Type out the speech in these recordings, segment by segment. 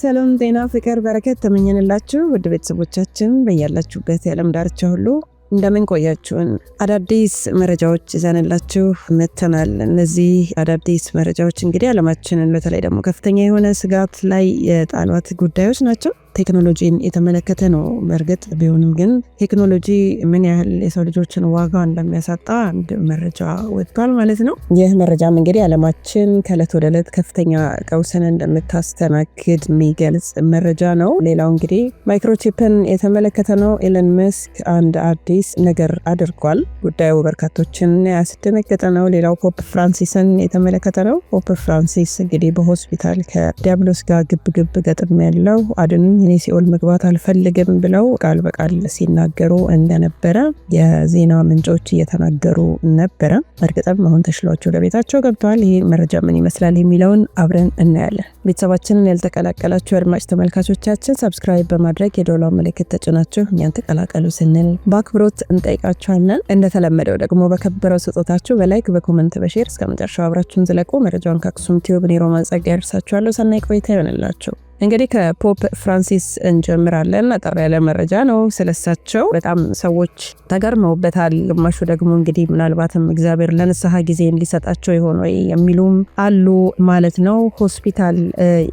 ሰላም፣ ጤና፣ ፍቅር፣ በረከት ተመኘንላችሁ ውድ ቤተሰቦቻችን በያላችሁበት የዓለም ዳርቻ ሁሉ እንደምን ቆያችሁን? አዳዲስ መረጃዎች ይዘንላችሁ መተናል። እነዚህ አዳዲስ መረጃዎች እንግዲህ ዓለማችንን በተለይ ደግሞ ከፍተኛ የሆነ ስጋት ላይ የጣሏት ጉዳዮች ናቸው። ቴክኖሎጂን የተመለከተ ነው። በእርግጥ ቢሆንም ግን ቴክኖሎጂ ምን ያህል የሰው ልጆችን ዋጋ እንደሚያሳጣ አንድ መረጃ ወጥቷል ማለት ነው። ይህ መረጃም እንግዲህ አለማችን ከእለት ወደ እለት ከፍተኛ ቀውስን እንደምታስተናግድ የሚገልጽ መረጃ ነው። ሌላው እንግዲህ ማይክሮቺፕን የተመለከተ ነው። ኤለን መስክ አንድ አዲስ ነገር አድርጓል። ጉዳዩ በርካቶችን ያስደነገጠ ነው። ሌላው ፖፕ ፍራንሲስን የተመለከተ ነው። ፖፕ ፍራንሲስ እንግዲህ በሆስፒታል ከዲያብሎስ ጋር ግብግብ ገጥም ያለው አድኑኝ እኔ ሲኦል መግባት አልፈልግም ብለው ቃል በቃል ሲናገሩ እንደነበረ የዜና ምንጮች እየተናገሩ ነበረ። እርግጥም አሁን ተሽሏቸው ለቤታቸው ገብተዋል። ይህ መረጃ ምን ይመስላል የሚለውን አብረን እናያለን። ቤተሰባችንን ያልተቀላቀላችሁ አድማጭ ተመልካቾቻችን ሰብስክራይብ በማድረግ የዶላ ምልክት ተጭናችሁ እኛን ተቀላቀሉ ስንል በአክብሮት እንጠይቃችኋለን። እንደተለመደው ደግሞ በከበረው ስጦታችሁ በላይክ በኮመንት በሼር እስከ መጨረሻው አብራችሁን ዝለቁ። መረጃውን ከአክሱም ቲዩብ ኔሮማን ጸጋ ያደርሳችኋለሁ። ሰናይ ቆይታ ይሆንላችሁ። እንግዲህ ከፖፕ ፍራንሲስ እንጀምራለን። አጠር ያለ መረጃ ነው ስለሳቸው። በጣም ሰዎች ተገርመውበታል። ግማሹ ደግሞ እንግዲህ ምናልባትም እግዚአብሔር ለንስሐ ጊዜ እንዲሰጣቸው የሆነ የሚሉም አሉ ማለት ነው። ሆስፒታል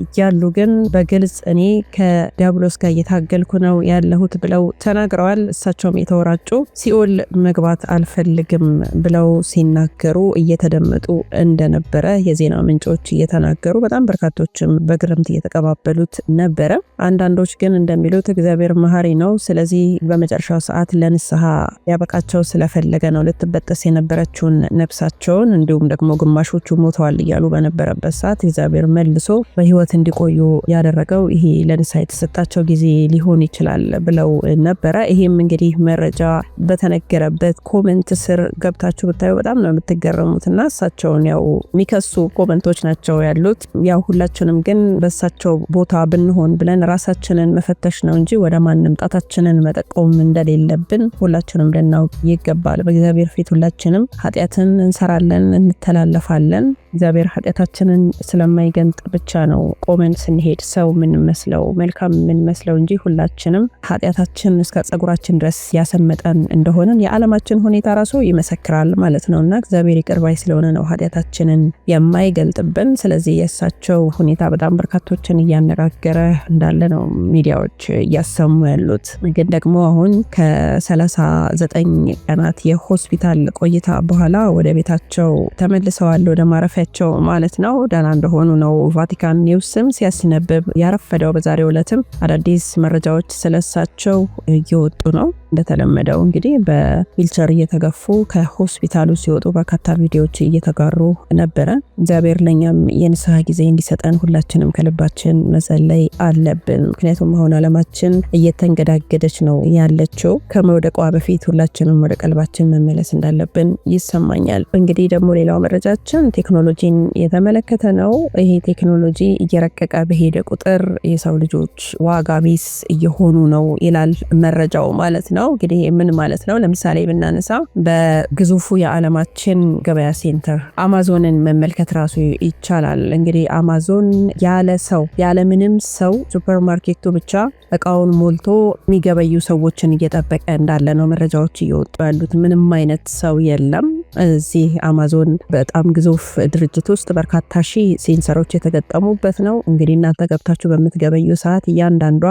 እያሉ ግን በግልጽ እኔ ከዲያብሎስ ጋር እየታገልኩ ነው ያለሁት ብለው ተናግረዋል። እሳቸውም የተወራጩ ሲኦል መግባት አልፈልግም ብለው ሲናገሩ እየተደመጡ እንደነበረ የዜና ምንጮች እየተናገሩ በጣም በርካቶችም በግርምት እየተቀባበሉ ይሉት ነበረ። አንዳንዶች ግን እንደሚሉት እግዚአብሔር መሐሪ ነው፣ ስለዚህ በመጨረሻው ሰዓት ለንስሐ ያበቃቸው ስለፈለገ ነው ልትበጠስ የነበረችውን ነፍሳቸውን፣ እንዲሁም ደግሞ ግማሾቹ ሞተዋል እያሉ በነበረበት ሰዓት እግዚአብሔር መልሶ በህይወት እንዲቆዩ ያደረገው ይሄ ለንስሐ የተሰጣቸው ጊዜ ሊሆን ይችላል ብለው ነበረ። ይሄም እንግዲህ መረጃ በተነገረበት ኮመንት ስር ገብታችሁ ብታዩ በጣም ነው የምትገረሙት። እና እሳቸውን ያው የሚከሱ ኮመንቶች ናቸው ያሉት። ያው ሁላችንም ግን በእሳቸው ቦ ቦታ ብንሆን ብለን ራሳችንን መፈተሽ ነው እንጂ ወደ ማንም ጣታችንን መጠቆም እንደሌለብን ሁላችንም ልናውቅ ይገባል። በእግዚአብሔር ፊት ሁላችንም ኃጢአትን እንሰራለን፣ እንተላለፋለን። እግዚአብሔር ኃጢአታችንን ስለማይገልጥ ብቻ ነው ቆመን ስንሄድ ሰው የምንመስለው መልካም የምንመስለው እንጂ ሁላችንም ኃጢአታችን እስከ ጸጉራችን ድረስ ያሰመጠን እንደሆነን የዓለማችን ሁኔታ ራሱ ይመሰክራል ማለት ነው እና እግዚአብሔር ይቅር ባይ ስለሆነ ነው ኃጢአታችንን የማይገልጥብን። ስለዚህ የእሳቸው ሁኔታ በጣም በርካቶችን እያነጋገረ እንዳለ ነው ሚዲያዎች እያሰሙ ያሉት። ግን ደግሞ አሁን ከ39 ቀናት የሆስፒታል ቆይታ በኋላ ወደ ቤታቸው ተመልሰዋል ወደ ማረፊያ ያላቸው ማለት ነው ደህና እንደሆኑ ነው ቫቲካን ኒውስም ሲያስነብብ ያረፈደው። በዛሬው ዕለትም አዳዲስ መረጃዎች ስለሳቸው እየወጡ ነው። እንደተለመደው እንግዲህ በዊልቸር እየተገፉ ከሆስፒታሉ ሲወጡ በርካታ ቪዲዮዎች እየተጋሩ ነበረ። እግዚአብሔር ለእኛም የንስሐ ጊዜ እንዲሰጠን ሁላችንም ከልባችን መጸለይ አለብን። ምክንያቱም አሁን አለማችን እየተንገዳገደች ነው ያለችው። ከመውደቋ በፊት ሁላችንም ወደ ቀልባችን መመለስ እንዳለብን ይሰማኛል። እንግዲህ ደግሞ ሌላው መረጃችን ቴክኖሎጂን የተመለከተ ነው። ይሄ ቴክኖሎጂ እየረቀቀ በሄደ ቁጥር የሰው ልጆች ዋጋ ቢስ እየሆኑ ነው ይላል መረጃው ማለት ነው። ነው። እንግዲህ ምን ማለት ነው? ለምሳሌ ብናነሳ በግዙፉ የዓለማችን ገበያ ሴንተር አማዞንን መመልከት ራሱ ይቻላል። እንግዲህ አማዞን ያለ ሰው ያለ ምንም ሰው ሱፐርማርኬቱ ብቻ እቃውን ሞልቶ የሚገበዩ ሰዎችን እየጠበቀ እንዳለ ነው መረጃዎች እየወጡ ያሉት። ምንም አይነት ሰው የለም። እዚህ አማዞን በጣም ግዙፍ ድርጅት ውስጥ በርካታ ሺ ሴንሰሮች የተገጠሙበት ነው። እንግዲህ እናንተ ገብታችሁ በምትገበዩ ሰዓት እያንዳንዷ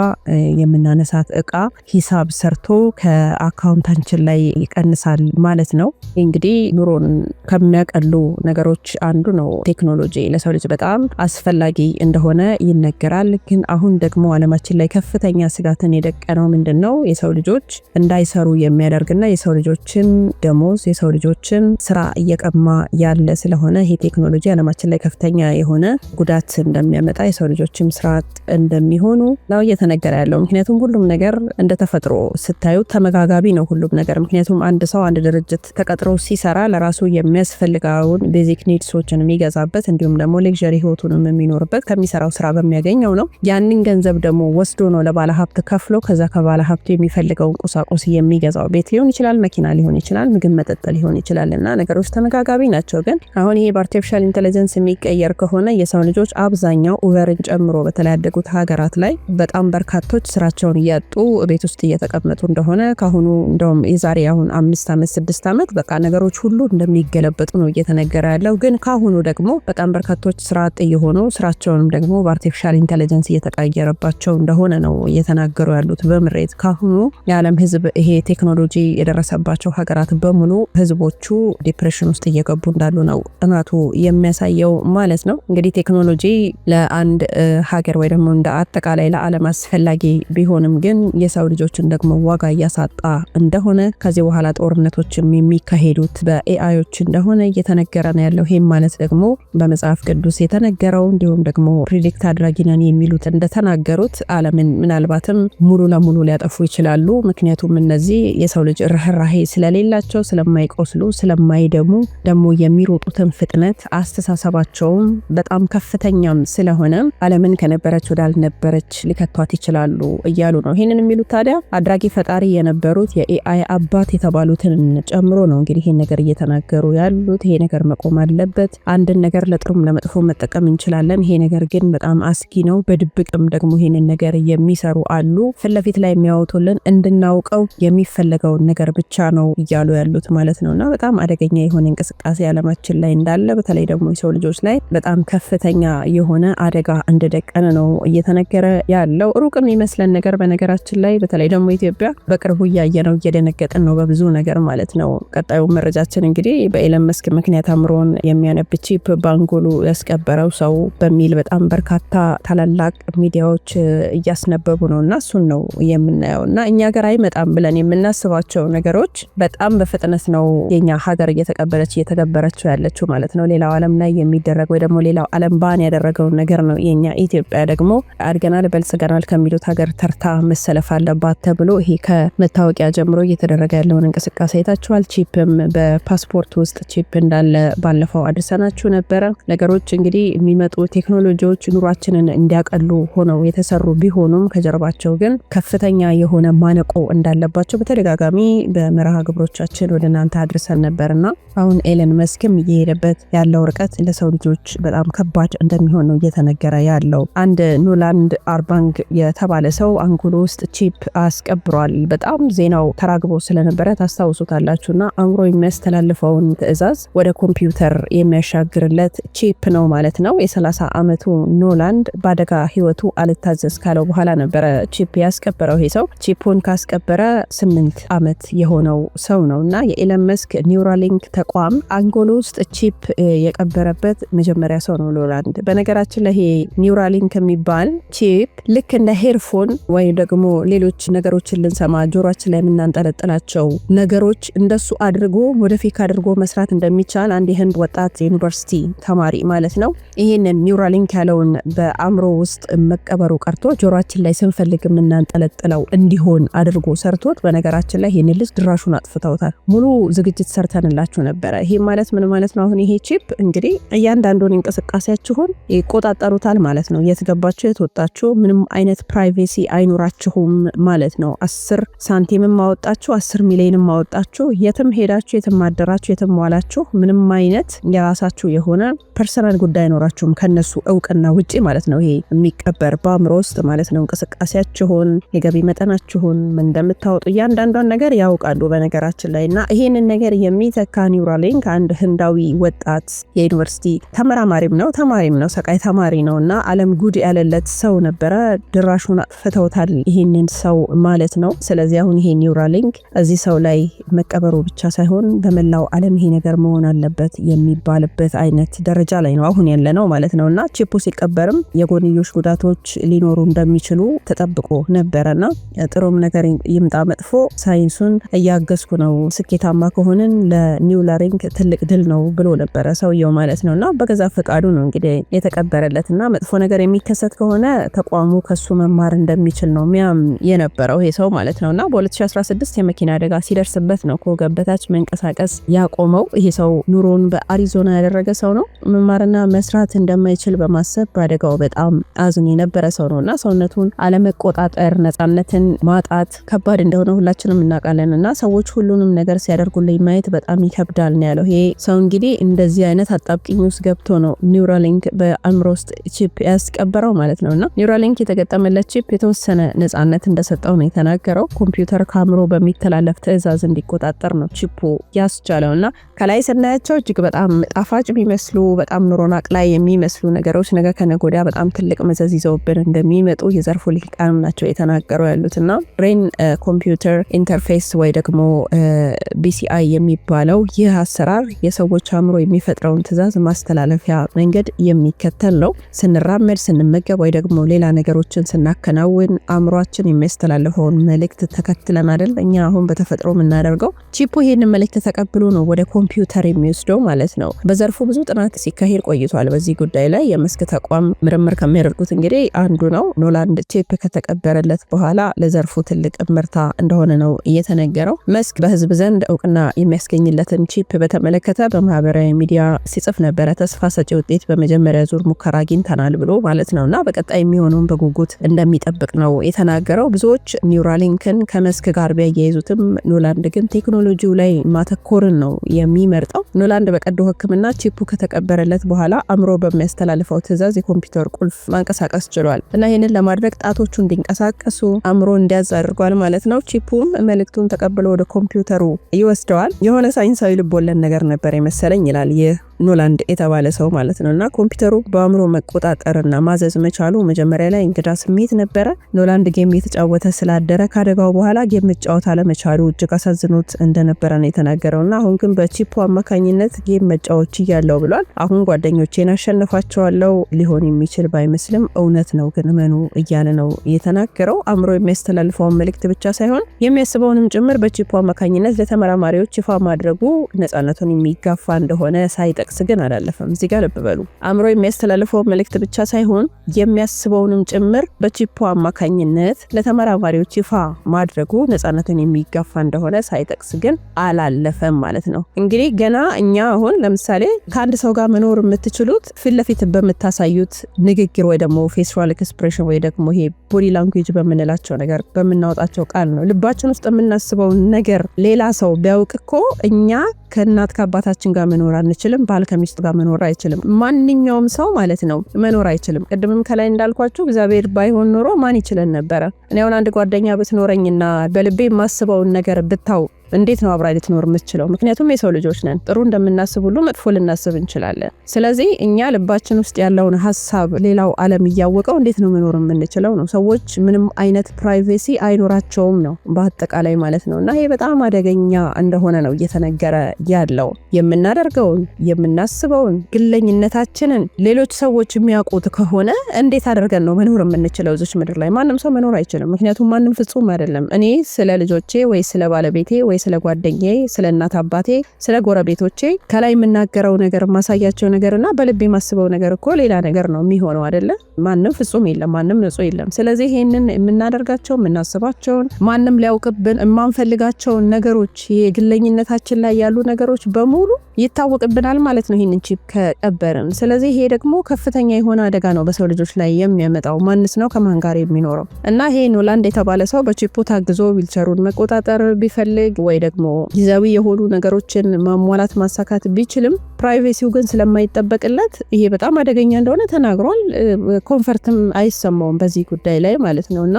የምናነሳት እቃ ሂሳብ ሰርቶ ከአካውንታችን ላይ ይቀንሳል ማለት ነው። እንግዲህ ኑሮን ከሚያቀሉ ነገሮች አንዱ ነው ቴክኖሎጂ። ለሰው ልጅ በጣም አስፈላጊ እንደሆነ ይነገራል። ግን አሁን ደግሞ አለማችን ላይ ከፍተኛ ስጋትን የደቀነው ምንድን ነው? የሰው ልጆች እንዳይሰሩ የሚያደርግና የሰው ልጆችን ደሞዝ የሰው ልጆችን ስራ እየቀማ ያለ ስለሆነ ይሄ ቴክኖሎጂ አለማችን ላይ ከፍተኛ የሆነ ጉዳት እንደሚያመጣ የሰው ልጆችም ስራ አጥ እንደሚሆኑ ነው እየተነገረ ያለው። ምክንያቱም ሁሉም ነገር እንደ ተፈጥሮ ስታዩ ተመጋጋቢ ነው ሁሉም ነገር። ምክንያቱም አንድ ሰው አንድ ድርጅት ተቀጥሮ ሲሰራ ለራሱ የሚያስፈልገውን ቤዚክ ኒድሶችን የሚገዛበት እንዲሁም ደግሞ ሌክዠሪ ህይወቱንም የሚኖርበት ከሚሰራው ስራ በሚያገኘው ነው። ያንን ገንዘብ ደግሞ ወስዶ ነው ለባለ ሀብት ከፍሎ ከዛ ከባለ ሀብቱ የሚፈልገውን ቁሳቁስ የሚገዛው ቤት ሊሆን ይችላል፣ መኪና ሊሆን ይችላል፣ ምግብ መጠጥ ሊሆን ይችላል። እና ነገሮች ተመጋጋቢ ናቸው። ግን አሁን ይሄ በአርቲፊሻል ኢንቴሊጀንስ የሚቀየር ከሆነ የሰው ልጆች አብዛኛው ኡቨርን ጨምሮ በተለያደጉት ሀገራት ላይ በጣም በርካቶች ስራቸውን እያጡ ቤት ውስጥ እየተቀመጡ እንደሆነ ከአሁኑ እንደውም የዛሬ አሁን አምስት ዓመት ስድስት ዓመት በቃ ነገሮች ሁሉ እንደሚገለበጡ ነው እየተነገረ ያለው። ግን ከአሁኑ ደግሞ በጣም በርካቶች ስራ አጥ የሆኑ ስራቸውንም ደግሞ በአርቲፊሻል ኢንቴሊጀንስ እየተቀየረባቸው እንደሆነ ነው እየተናገሩ ያሉት በምሬት። ከአሁኑ የዓለም ህዝብ ይሄ ቴክኖሎጂ የደረሰባቸው ሀገራት በሙሉ ህዝቦቹ ዲፕሬሽን ውስጥ እየገቡ እንዳሉ ነው ጥናቱ የሚያሳየው ማለት ነው። እንግዲህ ቴክኖሎጂ ለአንድ ሀገር ወይ ደግሞ እንደ አጠቃላይ ለዓለም አስፈላጊ ቢሆንም ግን የሰው ልጆችን ደግሞ ዋጋ እያሳጣ እንደሆነ ከዚህ በኋላ ጦርነቶችም የሚካሄዱት በኤአዮች እንደሆነ እየተነገረ ነው ያለው። ይህም ማለት ደግሞ በመጽሐፍ ቅዱስ የተነገረው እንዲሁም ደግሞ ፕሪዲክት አድራጊ ነን የሚሉት እንደተናገሩት ዓለምን ምናልባትም ሙሉ ለሙሉ ሊያጠፉ ይችላሉ። ምክንያቱም እነዚህ የሰው ልጅ ርህራሄ ስለሌላቸው ስለማይቆስሉ ስለ ስለማይደሙ ደግሞ የሚሮጡትን ፍጥነት አስተሳሰባቸውም በጣም ከፍተኛም ስለሆነ ዓለምን ከነበረች ወዳልነበረች ሊከቷት ይችላሉ እያሉ ነው። ይህንን የሚሉት ታዲያ አድራጊ ፈጣሪ የነበሩት የኤአይ አባት የተባሉትን ጨምሮ ነው። እንግዲህ ይህን ነገር እየተናገሩ ያሉት ይሄ ነገር መቆም አለበት። አንድን ነገር ለጥሩም ለመጥፎ መጠቀም እንችላለን። ይሄ ነገር ግን በጣም አስጊ ነው። በድብቅም ደግሞ ይህንን ነገር የሚሰሩ አሉ። ፊት ለፊት ላይ የሚያወጡልን እንድናውቀው የሚፈለገውን ነገር ብቻ ነው እያሉ ያሉት ማለት ነው እና በጣም አደገኛ የሆነ እንቅስቃሴ አለማችን ላይ እንዳለ በተለይ ደግሞ የሰው ልጆች ላይ በጣም ከፍተኛ የሆነ አደጋ እንደደቀነ ነው እየተነገረ ያለው። ሩቅ የሚመስለን ነገር በነገራችን ላይ በተለይ ደግሞ ኢትዮጵያ በቅርቡ እያየ ነው እየደነገጠን ነው በብዙ ነገር ማለት ነው። ቀጣዩ መረጃችን እንግዲህ በኤለን መስክ ምክንያት አእምሮን የሚያነብ ቺፕ ባንጎሉ ያስቀበረው ሰው በሚል በጣም በርካታ ታላላቅ ሚዲያዎች እያስነበቡ ነው እና እሱን ነው የምናየው እና እኛ ገር አይመጣም ብለን የምናስባቸው ነገሮች በጣም በፍጥነት ነው የኛ ሀገር እየተቀበለች እየተገበረችው ያለችው ማለት ነው። ሌላው ዓለም ላይ የሚደረግ ወይ ደግሞ ሌላው ዓለም ባን ያደረገውን ነገር ነው። የኛ ኢትዮጵያ ደግሞ አድገናል በልጽገናል ከሚሉት ሀገር ተርታ መሰለፍ አለባት ተብሎ ይሄ ከመታወቂያ ጀምሮ እየተደረገ ያለውን እንቅስቃሴ ይታችኋል። ቺፕም በፓስፖርት ውስጥ ቺፕ እንዳለ ባለፈው አድርሰናችሁ ነበረ። ነገሮች እንግዲህ የሚመጡ ቴክኖሎጂዎች ኑሯችንን እንዲያቀሉ ሆነው የተሰሩ ቢሆኑም ከጀርባቸው ግን ከፍተኛ የሆነ ማነቆ እንዳለባቸው በተደጋጋሚ በመርሃ ግብሮቻችን ወደ እናንተ አድርሰን ነበር። ነበርና አሁን ኤለን መስክም እየሄደበት ያለው ርቀት ለሰው ልጆች በጣም ከባድ እንደሚሆን ነው እየተነገረ ያለው። አንድ ኖላንድ አርባንግ የተባለ ሰው አንጎሎ ውስጥ ቺፕ አስቀብሯል። በጣም ዜናው ተራግቦ ስለነበረ ታስታውሱታላችሁና አእምሮ የሚያስተላልፈውን ትዕዛዝ ወደ ኮምፒውተር የሚያሻግርለት ቺፕ ነው ማለት ነው። የ30 ዓመቱ ኖላንድ በአደጋ ህይወቱ አልታዘዝ ካለው በኋላ ነበረ ቺፕ ያስቀበረው። ይሄ ሰው ቺፑን ካስቀበረ ስምንት ዓመት የሆነው ሰው ነው እና የኤለን መስክ ኒውራ ኔትራሊንክ ተቋም አንጎል ውስጥ ቺፕ የቀበረበት መጀመሪያ ሰው ነው ሎላንድ። በነገራችን ላይ ይሄ ኒውራሊንክ የሚባል ቺፕ ልክ እንደ ሄርፎን ወይም ደግሞ ሌሎች ነገሮችን ልንሰማ ጆሮችን ላይ የምናንጠለጥላቸው ነገሮች እንደሱ አድርጎ ወደፊት አድርጎ መስራት እንደሚቻል አንድ የህንድ ወጣት ዩኒቨርሲቲ ተማሪ ማለት ነው ይህንን ኒውራሊንክ ያለውን በአእምሮ ውስጥ መቀበሩ ቀርቶ ጆሮችን ላይ ስንፈልግ የምናንጠለጥለው እንዲሆን አድርጎ ሰርቶት በነገራችን ላይ ይህን ልጅ ድራሹን አጥፍተውታል። ሙሉ ዝግጅት ሰርተ እየሰጠንላችሁ ነበረ። ይሄ ማለት ምን ማለት ነው? አሁን ይሄ ቺፕ እንግዲህ እያንዳንዱን እንቅስቃሴያችሁን ይቆጣጠሩታል ማለት ነው። የት የተወጣችሁ ምንም አይነት ፕራይቬሲ አይኖራችሁም ማለት ነው። አስር ሳንቲምም አወጣችሁ፣ አስር ሚሊዮንም አወጣችሁ፣ የትም ሄዳችሁ፣ የትም አደራችሁ፣ የትም ዋላችሁ፣ ምንም አይነት የራሳችሁ የሆነ ፐርሰናል ጉዳይ አይኖራችሁም ከነሱ እውቅና ውጭ ማለት ነው። ይሄ የሚቀበር በአእምሮ ውስጥ ማለት ነው። እንቅስቃሴያችሁን፣ የገቢ መጠናችሁን፣ ምን እንደምታወጡ እያንዳንዷን ነገር ያውቃሉ በነገራችን ላይ እና ይሄንን ነገር የሚ ተካ ኒውራሊንክ አንድ ህንዳዊ ወጣት የዩኒቨርሲቲ ተመራማሪም ነው ተማሪም ነው ሰቃይ ተማሪ ነው እና አለም ጉድ ያለለት ሰው ነበረ። ድራሹን አጥፍተውታል ይህንን ሰው ማለት ነው። ስለዚህ አሁን ይሄ ኒውራሊንክ እዚህ ሰው ላይ መቀበሩ ብቻ ሳይሆን በመላው አለም ይሄ ነገር መሆን አለበት የሚባልበት አይነት ደረጃ ላይ ነው አሁን ያለ ነው ማለት ነው እና ቺፑ ሲቀበርም የጎንዮሽ ጉዳቶች ሊኖሩ እንደሚችሉ ተጠብቆ ነበረና ጥሩም ነገር ይምጣ መጥፎ ሳይንሱን እያገዝኩ ነው ስኬታማ ከሆንን ለ ለኒው ለሪንግ ትልቅ ድል ነው ብሎ ነበረ ሰውየው ማለት ነው። እና በገዛ ፈቃዱ ነው እንግዲህ የተቀበረለት እና መጥፎ ነገር የሚከሰት ከሆነ ተቋሙ ከሱ መማር እንደሚችል ነው ሚያም የነበረው ይሄ ሰው ማለት ነው። እና በ2016 የመኪና አደጋ ሲደርስበት ነው ከወገብ በታች መንቀሳቀስ ያቆመው። ይሄ ሰው ኑሮን በአሪዞና ያደረገ ሰው ነው። መማርና መስራት እንደማይችል በማሰብ በአደጋው በጣም አዝኖ የነበረ ሰው ነው እና ሰውነቱን አለመቆጣጠር፣ ነፃነትን ማጣት ከባድ እንደሆነ ሁላችንም እናውቃለን እና ሰዎች ሁሉንም ነገር ሲያደርጉልኝ ማየት በጣም ይከብዳል ነው ያለው። ይሄ ሰው እንግዲህ እንደዚህ አይነት አጣብቂኝ ውስጥ ገብቶ ነው ኒውራሊንክ በአእምሮ ውስጥ ቺፕ ያስቀበረው ማለት ነው። እና ኒውራሊንክ የተገጠመለት ቺፕ የተወሰነ ነጻነት እንደሰጠው ነው የተናገረው። ኮምፒውተር ከአእምሮ በሚተላለፍ ትዕዛዝ እንዲቆጣጠር ነው ቺፑ ያስቻለው። እና ከላይ ስናያቸው እጅግ በጣም ጣፋጭ የሚመስሉ በጣም ኑሮን አቅላይ የሚመስሉ ነገሮች ነገ ከነገ ወዲያ በጣም ትልቅ መዘዝ ይዘውብን እንደሚመጡ የዘርፉ ሊቃንም ናቸው የተናገሩ ያሉት እና ብሬን ኮምፒውተር ኢንተርፌስ ወይ ደግሞ ቢሲአይ የሚባ የሚባለው ይህ አሰራር የሰዎች አእምሮ የሚፈጥረውን ትዕዛዝ ማስተላለፊያ መንገድ የሚከተል ነው። ስንራመድ፣ ስንመገብ ወይ ደግሞ ሌላ ነገሮችን ስናከናውን አእምሯችን የሚያስተላልፈውን መልእክት ተከትለን አይደል? እኛ አሁን በተፈጥሮ የምናደርገው ቺፑ ይህንን መልእክት ተቀብሎ ነው ወደ ኮምፒውተር የሚወስደው ማለት ነው። በዘርፉ ብዙ ጥናት ሲካሄድ ቆይቷል። በዚህ ጉዳይ ላይ የመስክ ተቋም ምርምር ከሚያደርጉት እንግዲህ አንዱ ነው። ኖላንድ ቺፕ ከተቀበረለት በኋላ ለዘርፉ ትልቅ ምርታ እንደሆነ ነው እየተነገረው። መስክ በህዝብ ዘንድ እውቅና የሚያስገኝ የሚገኝለትን ቺፕ በተመለከተ በማህበራዊ ሚዲያ ሲጽፍ ነበረ። ተስፋ ሰጪ ውጤት በመጀመሪያ ዙር ሙከራ አግኝተናል ብሎ ማለት ነው እና በቀጣይ የሚሆነውን በጉጉት እንደሚጠብቅ ነው የተናገረው። ብዙዎች ኒውራሊንክን ከመስክ ጋር ቢያያይዙትም ኖላንድ ግን ቴክኖሎጂው ላይ ማተኮርን ነው የሚመርጠው። ኖላንድ በቀዶ ሕክምና ቺፑ ከተቀበረለት በኋላ አእምሮ በሚያስተላልፈው ትዕዛዝ የኮምፒውተር ቁልፍ ማንቀሳቀስ ችሏል እና ይህንን ለማድረግ ጣቶቹ እንዲንቀሳቀሱ አእምሮ እንዲያዝ አድርጓል ማለት ነው። ቺፑም መልእክቱን ተቀብሎ ወደ ኮምፒውተሩ ይወስደዋል። የሆነ ሳይንሳዊ ልቦለድ ነገር ነበር የመሰለኝ ይላል ይህ ኖላንድ የተባለ ሰው ማለት ነው እና ኮምፒውተሩ በአእምሮ መቆጣጠርና ማዘዝ መቻሉ መጀመሪያ ላይ እንግዳ ስሜት ነበረ። ኖላንድ ጌም የተጫወተ ስላደረ ካደጋው በኋላ ጌም መጫወት አለመቻሉ እጅግ አሳዝኖት እንደነበረ ነው የተናገረው እና አሁን ግን በቺፖ አማካኝነት ጌም መጫወች እያለው ብሏል። አሁን ጓደኞቼን አሸንፋቸዋለው ሊሆን የሚችል ባይመስልም እውነት ነው ግን መኑ እያለ ነው የተናገረው። አእምሮ የሚያስተላልፈውን መልእክት ብቻ ሳይሆን የሚያስበውንም ጭምር በቺፖ አማካኝነት ለተመራማሪዎች ይፋ ማድረጉ ነጻነቱን የሚጋፋ እንደሆነ ሳይጠ ጥቅስ ግን አላለፈም። እዚህ ጋር ልብ በሉ። አእምሮ የሚያስተላልፈው መልእክት ብቻ ሳይሆን የሚያስበውንም ጭምር በቺፖ አማካኝነት ለተመራማሪዎች ይፋ ማድረጉ ነፃነቱን የሚጋፋ እንደሆነ ሳይጠቅስ ግን አላለፈም ማለት ነው። እንግዲህ ገና እኛ አሁን ለምሳሌ ከአንድ ሰው ጋር መኖር የምትችሉት ፊት ለፊት በምታሳዩት ንግግር ወይ ደግሞ ፌስራል ኤክስፕሬሽን ወይ ደግሞ ይሄ ቦዲ ላንጉጅ በምንላቸው ነገር በምናወጣቸው ቃል ነው። ልባችን ውስጥ የምናስበውን ነገር ሌላ ሰው ቢያውቅ እኮ እኛ ከእናት ከአባታችን ጋር መኖር አንችልም ባል ከሚስቱ ጋር መኖር አይችልም። ማንኛውም ሰው ማለት ነው መኖር አይችልም። ቅድምም ከላይ እንዳልኳችሁ እግዚአብሔር ባይሆን ኖሮ ማን ይችለን ነበረ? እኔ አሁን አንድ ጓደኛ ብትኖረኝና በልቤ የማስበውን ነገር ብታው እንዴት ነው አብራ ልትኖር የምትችለው? ምክንያቱም የሰው ልጆች ነን። ጥሩ እንደምናስብ ሁሉ መጥፎ ልናስብ እንችላለን። ስለዚህ እኛ ልባችን ውስጥ ያለውን ሀሳብ ሌላው ዓለም እያወቀው እንዴት ነው መኖር የምንችለው ነው። ሰዎች ምንም አይነት ፕራይቬሲ አይኖራቸውም ነው በአጠቃላይ ማለት ነው። እና ይሄ በጣም አደገኛ እንደሆነ ነው እየተነገረ ያለው። የምናደርገውን የምናስበውን፣ ግለኝነታችንን ሌሎች ሰዎች የሚያውቁት ከሆነ እንዴት አደርገን ነው መኖር የምንችለው? እዚች ምድር ላይ ማንም ሰው መኖር አይችልም። ምክንያቱም ማንም ፍጹም አይደለም። እኔ ስለ ልጆቼ ወይ ስለ ባለቤቴ ወይ ወይ ስለ ጓደኛዬ፣ ስለ እናት አባቴ፣ ስለ ጎረቤቶቼ ከላይ የምናገረው ነገር የማሳያቸው ነገርና በልብ የማስበው ነገር እኮ ሌላ ነገር ነው የሚሆነው አይደለ? ማንም ፍጹም የለም፣ ማንም ንጹህ የለም። ስለዚህ ይህንን የምናደርጋቸው የምናስባቸውን ማንም ሊያውቅብን የማንፈልጋቸውን ነገሮች የግለኝነታችን ላይ ያሉ ነገሮች በሙሉ ይታወቅብናል ማለት ነው ይህንን ቺፕ ከቀበርን። ስለዚህ ይሄ ደግሞ ከፍተኛ የሆነ አደጋ ነው በሰው ልጆች ላይ የሚያመጣው። ማንስ ነው ከማን ጋር የሚኖረው? እና ይሄ ኖላንድ የተባለ ሰው በቺፑ ታግዞ ዊልቸሩን መቆጣጠር ቢፈልግ ወይ ደግሞ ጊዜያዊ የሆኑ ነገሮችን ማሟላት ማሳካት ቢችልም ፕራይቬሲው ግን ስለማይጠበቅለት ይሄ በጣም አደገኛ እንደሆነ ተናግሯል። ኮንፈርትም አይሰማውም በዚህ ጉዳይ ላይ ማለት ነው እና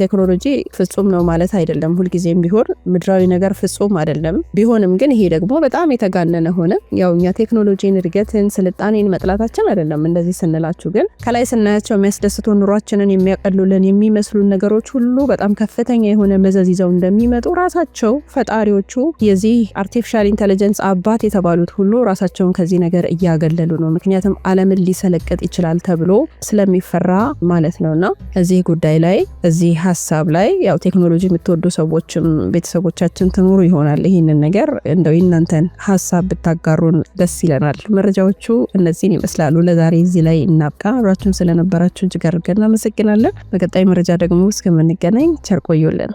ቴክኖሎጂ ፍጹም ነው ማለት አይደለም። ሁልጊዜም ቢሆን ምድራዊ ነገር ፍጹም አይደለም። ቢሆንም ግን ይሄ ደግሞ በጣም የተጋነነ ሆነ። ያው እኛ ቴክኖሎጂን፣ እድገትን፣ ስልጣኔን መጥላታችን አይደለም። እንደዚህ ስንላችሁ ግን ከላይ ስናያቸው የሚያስደስቱ ኑሯችንን የሚያቀሉልን የሚመስሉን ነገሮች ሁሉ በጣም ከፍተኛ የሆነ መዘዝ ይዘው እንደሚመጡ ራሳቸው ፈጣሪዎቹ የዚህ አርቲፊሻል ኢንቴሊጀንስ አባት የተባሉት ሁሉ ራሳቸውን ከዚህ ነገር እያገለሉ ነው። ምክንያቱም ዓለምን ሊሰለቅጥ ይችላል ተብሎ ስለሚፈራ ማለት ነውና እዚህ ጉዳይ ላይ በዚህ ሀሳብ ላይ ያው ቴክኖሎጂ የምትወዱ ሰዎችም ቤተሰቦቻችን ትኖሩ ይሆናል። ይህንን ነገር እንደው የእናንተን ሀሳብ ብታጋሩን ደስ ይለናል። መረጃዎቹ እነዚህን ይመስላሉ። ለዛሬ እዚህ ላይ እናብቃ። አብራችሁን ስለነበራችሁ እጅግ አድርገን እናመሰግናለን። በቀጣይ መረጃ ደግሞ እስከምንገናኝ ቸር ቆዩልን።